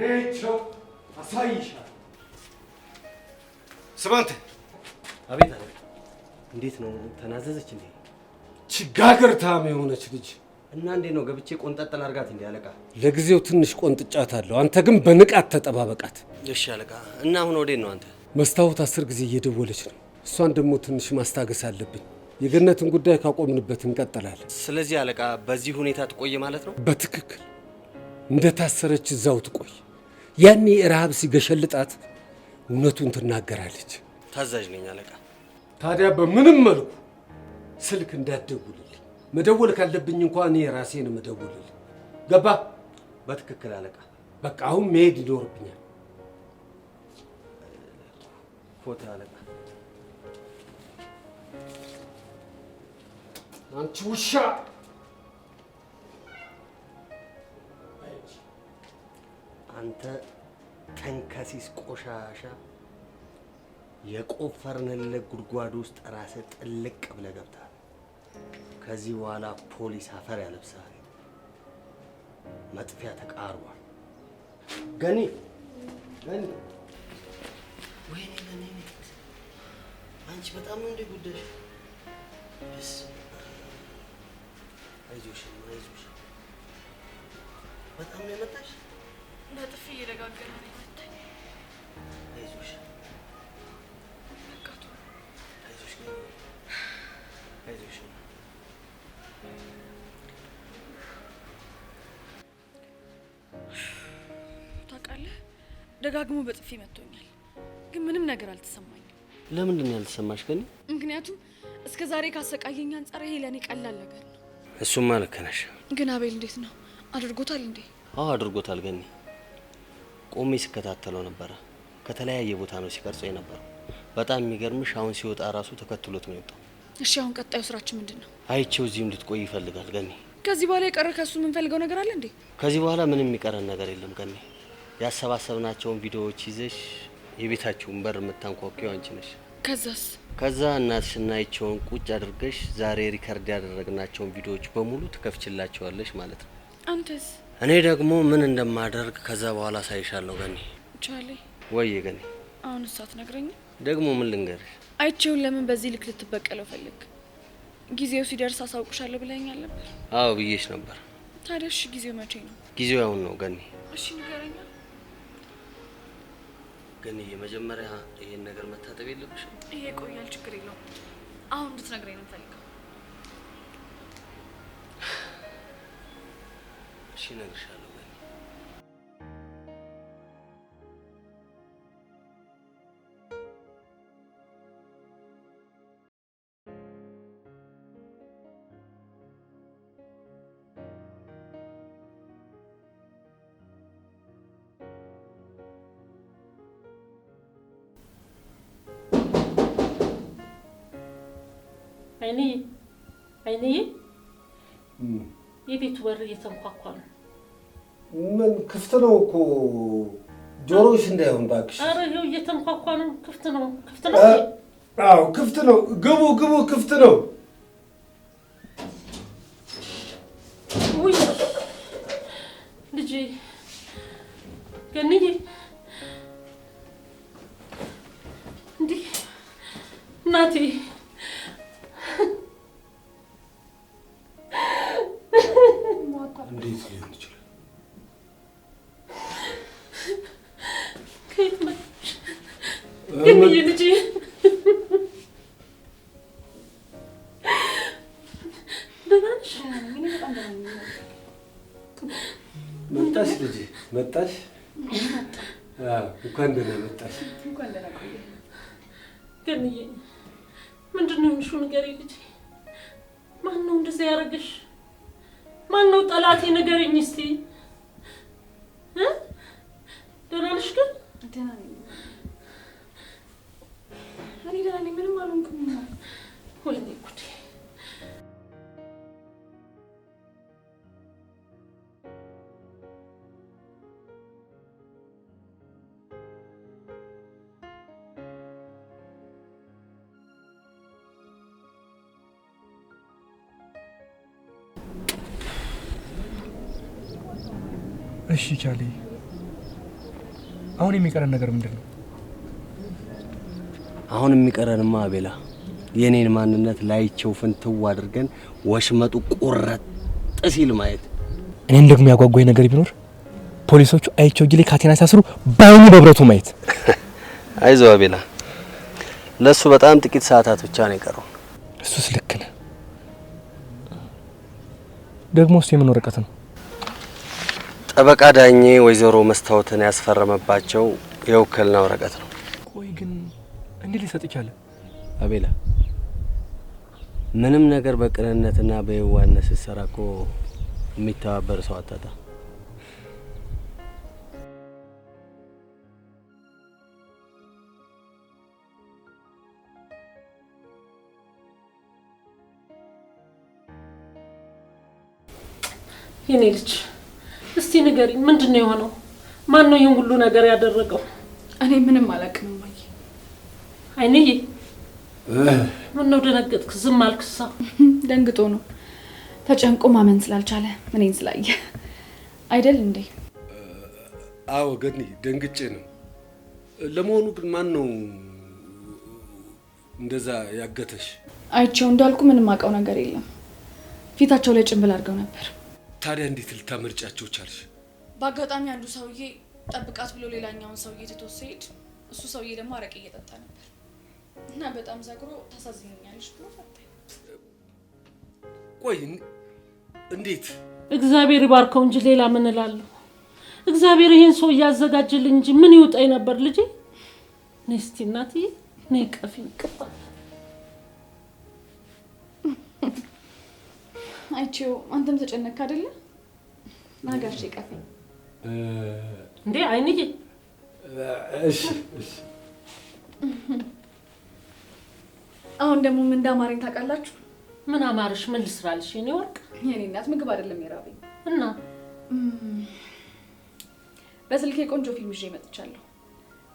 ሬቸው አሳይሻል። ስማንተ አቤት አለ። እንዴት ነው ተናዘዘች እንዴ? ችጋገር ታም የሆነች ልጅ እና እንዴት ነው ገብቼ ቆንጠጠል አድርጋት እንዴ? አለቃ ለጊዜው ትንሽ ቆንጥጫት አለው። አንተ ግን በንቃት ተጠባበቃት። እሺ አለቃ። እና አሁን ወዴት ነው አንተ? መስታወት አስር ጊዜ እየደወለች ነው። እሷን ደግሞ ትንሽ ማስታገስ አለብኝ። የገነትን ጉዳይ ካቆምንበት እንቀጥላለን። ስለዚህ አለቃ፣ በዚህ ሁኔታ ትቆይ ማለት ነው? በትክክል እንደታሰረች እዛው ትቆይ። ያኔ ረሃብ ሲገሸልጣት እውነቱን ትናገራለች። ታዛዥ ነኝ አለቃ። ታዲያ በምንም መልኩ ስልክ እንዳትደውልልኝ። መደወል ካለብኝ እንኳ እኔ ራሴን መደውልል። ገባ? በትክክል አለቃ። በቃ አሁን መሄድ ይኖርብኛል። ኮታ አለቃ። አንቺ ውሻ አንተ ተንከሲስ ቆሻሻ የቆፈርንልህ ጉድጓድ ውስጥ ራስህ ጥልቅ ብለህ ገብተሃል። ከዚህ በኋላ ፖሊስ አፈር ያለብሳል። መጥፊያ ተቃርቧል። ገኒ ገኒ፣ ወይኔ ገኒ፣ አንቺ በጣም ነው እንደ ጉዳሽ። አይዞሽ አይዞሽ፣ በጣም ነው የመጣሽ በጥፊ እየደጋገመ ነው የመታኝ። አይዞሽ በቃቱ፣ አይዞሽ፣ አይዞሽ። ታውቃለህ፣ ደጋግሞ በጥፊ መቶኛል፣ ግን ምንም ነገር አልተሰማኝም። ለምንድን ነው ያልተሰማሽ ግን? ምክንያቱም እስከ ዛሬ ካሰቃየኝ አንጻር ይሄ ለእኔ ቀላል ነገር ነው። እሱማ ልክ ነሽ። ግን አቤል እንዴት ነው አድርጎታል እንዴ? አዎ አድርጎታል ገኒ ቆሜ ስከታተለው ነበረ። ከተለያየ ቦታ ነው ሲቀርጾ የነበረው። በጣም የሚገርምሽ አሁን ሲወጣ ራሱ ተከትሎት ነው የወጣው። እሺ አሁን ቀጣዩ ስራችን ምንድን ነው? አይቼው እዚህም እንድትቆይ ይፈልጋል ገሜ። ከዚህ በኋላ የቀረ ከሱ የምንፈልገው ነገር አለ እንዴ? ከዚህ በኋላ ምንም የሚቀረን ነገር የለም ገሜ። ያሰባሰብናቸውን ቪዲዮዎች ይዘሽ የቤታችሁን በር የምታንኳኩው አንቺ ነሽ። ከዛስ? ከዛ እናትሽና አይቼውን ቁጭ አድርገሽ ዛሬ ሪከርድ ያደረግናቸውን ቪዲዮዎች በሙሉ ትከፍችላቸዋለሽ ማለት ነው። አንተስ? እኔ ደግሞ ምን እንደማደርግ ከዛ በኋላ ሳይሻለሁ። ገኒ ቻሌ ወይ ገኒ፣ አሁን እሳት ነግረኝ። ደግሞ ምን ልንገርሽ? አይቼውን ለምን በዚህ ልክ ልትበቀለው ፈልግ? ጊዜው ሲደርስ አሳውቁሻለሁ ብለኸኛል ነበር። አዎ ብዬሽ ነበር። ታዲያ እሺ፣ ጊዜው መቼ ነው? ጊዜው አሁን ነው ገኒ። እሺ ንገረኛ። ገኒ የመጀመሪያ ይሄን ነገር መታጠብ የለብሽ። ይሄ ቆያል፣ ችግር የለውም። አሁን እንድትነግረኝ ነው ፈልገው Shinag Shalomani. Aini, aini, hivi tuwarie tamkwa one. ምን ክፍት ነው እኮ ጆሮሽ እንዳይሆን እባክሽ። ኧረ ይኸው እየተንኳኳ ነው። ክፍት ነው፣ ክፍት ነው። አዎ ክፍት ነው። ግቡ፣ ግቡ። ክፍት ነው። ውይ ልጄ ገንዬ፣ እንዲህ እናቴ እንኳን ደህና መጣሽ። እንኳን ደህና ቆየ። ገንዬ ምንድን ነው የሆንሽው? ንገሪኝ ልጄ። ማን ነው እንደዚያ ያደረገሽ? ማን ነው ጠላቴ? ንገሪኝ እስኪ። ደህና ነሽ ግን? ደህና ነኝ እኔ፣ ደህና ነኝ። ምንም አልሆንኩም። ወይኔ ጉድ እሺ ቻሌ፣ አሁን የሚቀረን ነገር ምንድን ነው? አሁን የሚቀረንማ ቤላ የኔን ማንነት ላይቸው ፍንትው አድርገን ወሽመጡ ቁረጥ ሲል ማየት። እኔን ደግሞ ያጓጓኝ ነገር ቢኖር ፖሊሶቹ አይቸው ጅሌ ካቴና ሲያስሩ ባይኑ በብረቱ ማየት። አይዞ አቤላ፣ ለእሱ በጣም ጥቂት ሰዓታት ብቻ ነው የቀረው። እሱስ ልክ ነህ። ደግሞ እሱ የምን ወረቀት ነው? ጠበቃ ዳኜ ወይዘሮ መስታወትን ያስፈረመባቸው የውክልና ወረቀት ነው። ቆይ ግን እንዴት ሊሰጥ ይቻለ? አቤላ ምንም ነገር በቅንነትና በየዋህነት ስትሰራ እኮ የሚተባበር ሰው አታጣ። የኔ ልጅ እስቲ ንገሪ፣ ምንድን ነው የሆነው? ማን ነው ይህን ሁሉ ነገር ያደረገው? እኔ ምንም አላውቅም እማዬ። አይንዬ፣ ነው ደነገጥክ? ዝም አልክሳ? ደንግጦ ነው ተጨንቆ ማመን ስላልቻለ እኔን ስላየ አይደል እንዴ? አዎ ገኒ፣ ደንግጬ ነው። ለመሆኑ ግን ማን ነው እንደዛ ያገተሽ? አይቼው እንዳልኩ ምንም አውቀው ነገር የለም። ፊታቸው ላይ ጭንብል አድርገው ነበር። ታዲያ እንዴት ልታመርጫቸው ቻልሽ? በአጋጣሚ አንዱ ሰውዬ ጠብቃት ብሎ ሌላኛውን ሰውዬ ትቶ ሲሄድ እሱ ሰውዬ ደግሞ አረቄ እየጠጣ ነበር እና በጣም ዘግሮ ታሳዝኛለሽ ብሎ ፈታኝ። ቆይ እንዴት? እግዚአብሔር ይባርከው እንጂ ሌላ ምን እላለሁ? እግዚአብሔር ይህን ሰው እያዘጋጅልኝ እንጂ ምን ይውጠኝ ነበር ልጄ። ነይ እስቲ እናትዬ ነይ ቀፊ አይቼው አንተም ተጨነክ አይደለ? ናጋሽ ቀፈኝ እንዴ አይንዬ። እሺ እሺ። አሁን ደግሞ ምን እንዳማረኝ ታውቃላችሁ? ምን አማርሽ? ምን ልስራልሽ? የኔ ወርቅ፣ የኔ እናት፣ ምግብ አይደለም የራበኝ እና በስልኬ ቆንጆ ፊልም ይዤ መጥቻለሁ።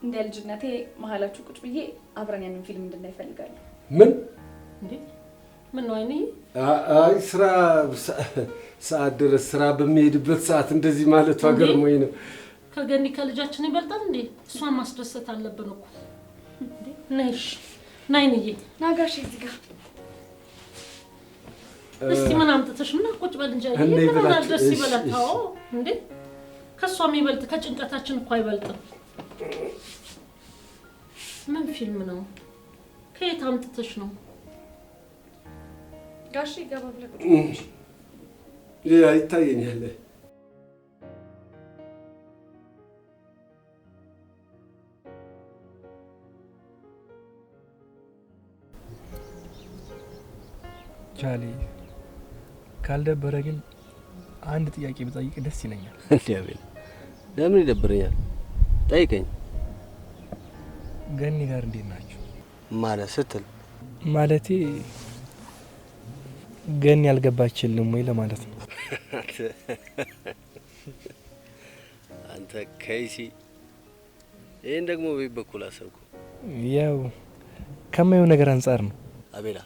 እንደ ልጅነቴ መሀላችሁ ቁጭ ብዬ አብረን ያንን ፊልም እንድናይ እፈልጋለሁ። ምን እንዴ ምን ነው አይ ስራ ሰዓት ድረስ ስራ በሚሄድበት ሰዓት እንደዚህ ማለቱ ገርሞኝ ነው። ከገኒ ከልጃችን ይበልጣል እንዴ? እሷን ማስደሰት አለብን እኮ። ነሽ ናይንዬ፣ ናጋሽ እዚህ ጋር እስቲ ምን አምጥተሽ ምን ቁጭ በል እንጂ ምን ደስ አዎ እንዴ ከእሷ የሚበልጥ ከጭንቀታችን እኮ አይበልጥም። ምን ፊልም ነው? ከየት አምጥተሽ ነው? ጋሽ ይገባል ይታየኛል። ቻሊ ካልደበረ ግን አንድ ጥያቄ ብጠይቅ ደስ ይለኛል። እንዲያቤል ለምን ይደብረኛል? ጠይቀኝ። ገኒ ጋር እንዴት ናችሁ ማለት ስትል ማለቴ ገን ያልገባችልም ወይ ለማለት ነው። አንተ ከይሲ ይህን ደግሞ ቤት በኩል አሰብኩ። ያው ከማየው ነገር አንጻር ነው። አቤላ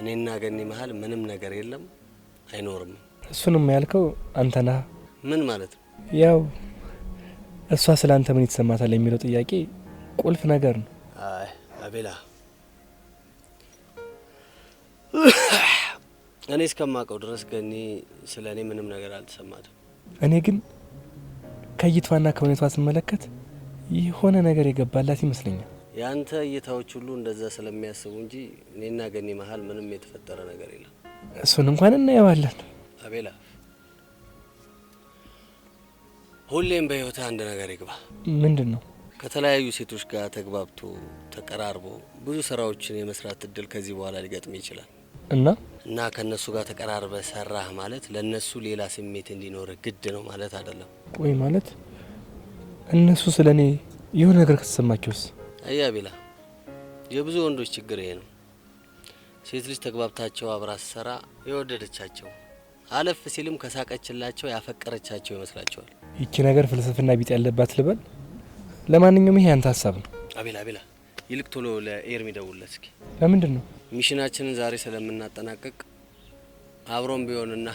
እኔና ገኒ መሀል ምንም ነገር የለም አይኖርም። እሱንም ያልከው አንተ ነህ። ምን ማለት ነው? ያው እሷ ስለ አንተ ምን ይሰማታል የሚለው ጥያቄ ቁልፍ ነገር ነው። አቤላ እኔ እስከማውቀው ድረስ ገኒ ስለ እኔ ምንም ነገር አልተሰማትም። እኔ ግን ከእይቷና ከሁኔቷ ስመለከት የሆነ ነገር የገባላት ይመስለኛል። የአንተ እይታዎች ሁሉ እንደዛ ስለሚያስቡ እንጂ እኔና ገኒ መሀል ምንም የተፈጠረ ነገር የለም። እሱን እንኳን እናየዋለን። አቤላ፣ ሁሌም በህይወት አንድ ነገር ይግባ። ምንድን ነው? ከተለያዩ ሴቶች ጋር ተግባብቶ ተቀራርቦ ብዙ ስራዎችን የመስራት እድል ከዚህ በኋላ ሊገጥም ይችላል። እና እና ከነሱ ጋር ተቀራርበ ሰራህ ማለት ለነሱ ሌላ ስሜት እንዲኖር ግድ ነው ማለት አይደለም። ቆይ ማለት እነሱ ስለ እኔ የሆነ ነገር ከተሰማቸውስ? አያ ቢላ የብዙ ወንዶች ችግር ይሄ ነው። ሴት ልጅ ተግባብታቸው አብራ ስሰራ የወደደቻቸው አለፍ ሲልም ከሳቀችላቸው ያፈቀረቻቸው ይመስላቸዋል። ይቺ ነገር ፍልስፍና ቢጥ ያለባት ልበል። ለማንኛውም ይሄ አንተ ሀሳብ ነው። አቤላ አቤላ፣ ይልቅ ቶሎ ለኤርሚ ደውልለት እስኪ። ለምንድን ነው ሚሽናችንን ዛሬ ስለምናጠናቀቅ አብሮም ቢሆንና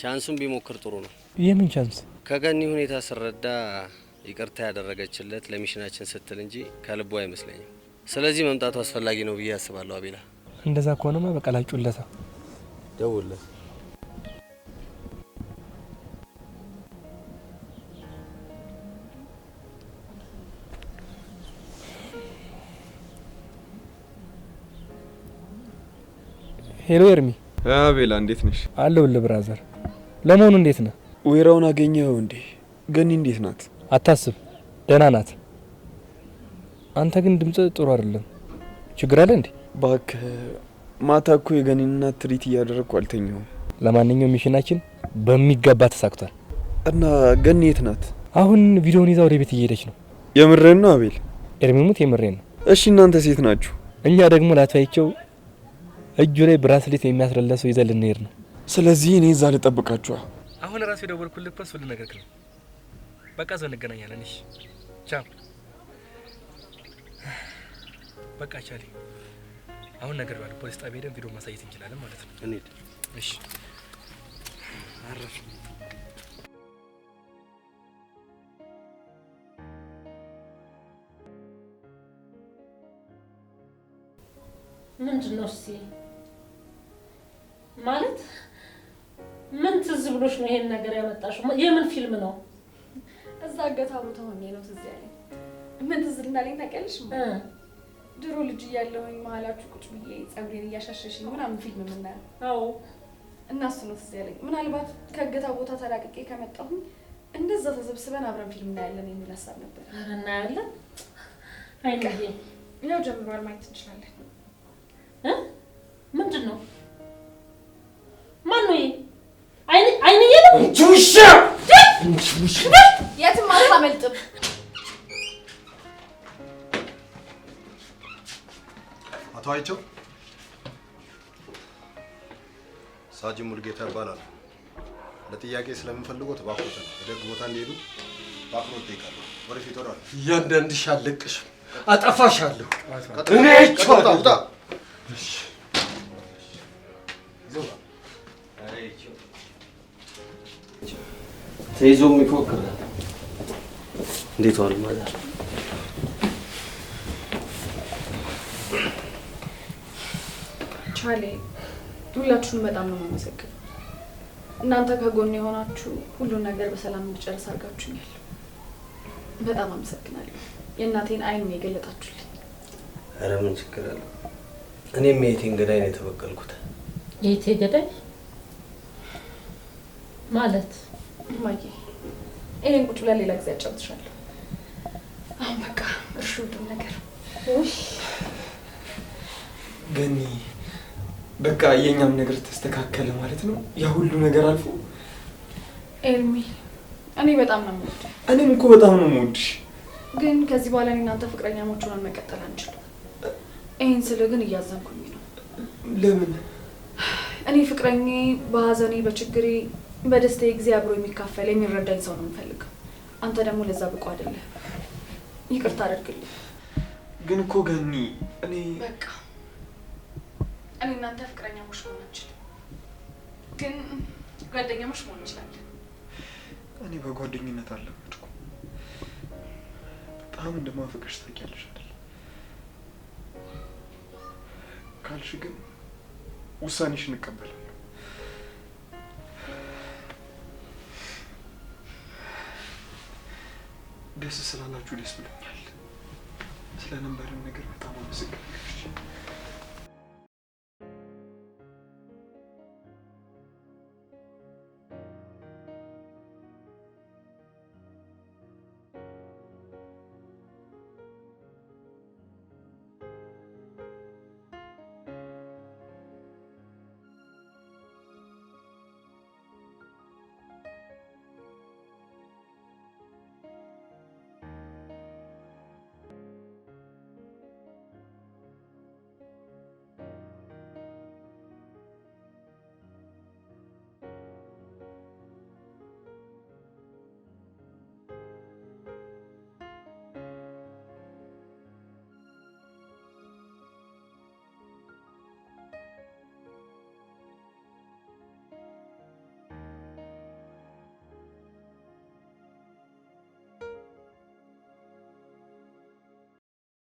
ቻንሱን ቢሞክር ጥሩ ነው። የምን ቻንስ? ከገኒ ሁኔታ ስረዳ ይቅርታ ያደረገችለት ለሚሽናችን ስትል እንጂ ከልቦ አይመስለኝም። ስለዚህ መምጣቱ አስፈላጊ ነው ብዬ አስባለሁ። አቤላ፣ እንደዛ ከሆነማ በቃ ደውለት ሄሎ ኤርሚ። አቤላ እንዴት ነሽ? አለሁልህ ብራዘር። ለመሆኑ እንዴት ነህ? ወይራውን አገኘኸው እንዴ? ገኒ እንዴት ናት? አታስብ፣ ደህና ናት። አንተ ግን ድምጽ ጥሩ አይደለም። ችግር አለ እንዴ? እባክህ ማታ እኮ የገኒን እናት ትሪት እያደረግኩ አልተኛውም። ለማንኛውም ሚሽናችን በሚገባ ተሳክቷል። እና ገኒ የት ናት? አሁን ቪዲዮውን ይዛ ወደ ቤት እየሄደች ነው። የምሬን ነው አቤል። ኤርሚሙት የምሬን ነው። እሺ እናንተ ሴት ናችሁ። እኛ ደግሞ ላትፋይቸው እጁ ላይ ብራስሌት የሚያስረላ ሰው ይዘን ልንሄድ ነው። ስለዚህ እኔ እዛ ልጠብቃችኋ። አሁን ራሱ የደወልኩልህ እኮ እሱን ልነግርህ ነው። በቃ እዛው እንገናኛለን። እሺ ቻው። በቃ ቻሊ፣ አሁን ነገር ባለ ፖሊስ ጣቢያ ሄደን ቪዲዮ ማሳየት እንችላለን ማለት ነው። እንሂድ። እሺ አረፍ ምንድን ነው? ማለት ምን ትዝ ብሎሽ ነው ይሄን ነገር ያመጣሽው? የምን ፊልም ነው? እዛ እገታ ቦታ ሆኜ ነው ትዝ ያለኝ። ምን ትዝ እንዳለኝ ታውቂያለሽ? ድሮ ልጅ እያለሁኝ መሀላችሁ ቁጭ ብዬ ፀጉሬን እያሻሸሽኝ ምናምን ፊልም የምናየው። አዎ እና እሱ ነው ትዝ ያለኝ። ምናልባት ከእገታ ቦታ ተላቅቄ ከመጣሁኝ እንደዛ ተሰብስበን አብረን ፊልም እናያለን የሚል ሀሳብ ነበር። እናያለን። አይ ያው ጀምሯል፣ ማየት እንችላለን። ምንድን ነው አንቺ ውሻ! የትም አታመልጥም። አቶ አይቸው ሳጅ ሙልጌታ ይባላል። ለጥያቄ ስለምንፈልጎት ባክሮት ወደግ ቦታ እንዲሄዱ ባክሮት ጠይቃለሁ። ወደፊት ወዳል እያንዳንድሽ አለቅሽ አጠፋሻለሁ እኔ ተይዞም ይፎክራል። እንዴት ዋሉ ማዘር? ቻሌ ሁላችሁም በጣም ነው የማመሰግነው። እናንተ ከጎን የሆናችሁ ሁሉን ነገር በሰላም እንድጨርስ አድርጋችሁኛል። በጣም አመሰግናለሁ። የእናቴን አይን የገለጣችሁልኝ። ኧረ ምን ችግር አለ። እኔም የእቴን ገዳይ ነው የተበቀልኩት። የእቴ ገዳይ ማለት ማጌ ይሄን ቁጭ ብላ ሌላ ጊዜ አጫውትሻለሁ። አሁን በቃ እርሹ ሁሉም ነገር ገኒ፣ በቃ የእኛም ነገር ተስተካከለ ማለት ነው። ያ ሁሉ ነገር አልፎ ኤልሚ፣ እኔ በጣም ነው የምወድ። እኔም እኮ በጣም ነው የምወድሽ፣ ግን ከዚህ በኋላ እኔ እናንተ ፍቅረኛሞች ሆነን መቀጠል አንችልም። ይህን ስለ ግን እያዘንኩኝ ነው። ለምን እኔ ፍቅረኛ በሀዘኔ በችግሬ በደስታዬ ጊዜ አብሮ የሚካፈል የሚረዳኝ ሰው ነው የምፈልገው። አንተ ደግሞ ለዛ ብቁ አይደለህ። ይቅርታ አደርግልኝ። ግን እኮ ገኒ፣ እኔ በቃ እኔ እናንተ ፍቅረኛ ፍቅረኛሞች መሆን አንችልም፣ ግን ጓደኛ ጓደኛሞች መሆን እንችላለን። እኔ በጓደኝነት አለመድኩ። በጣም እንደማፈቅርሽ ታውቂያለሽ አይደል? ካልሽ ግን ውሳኔሽን እቀበላለሁ። ደስ ስላላችሁ ደስ ብሎኛል። ስለነበረን ነገር በጣም አመሰግናለሁ።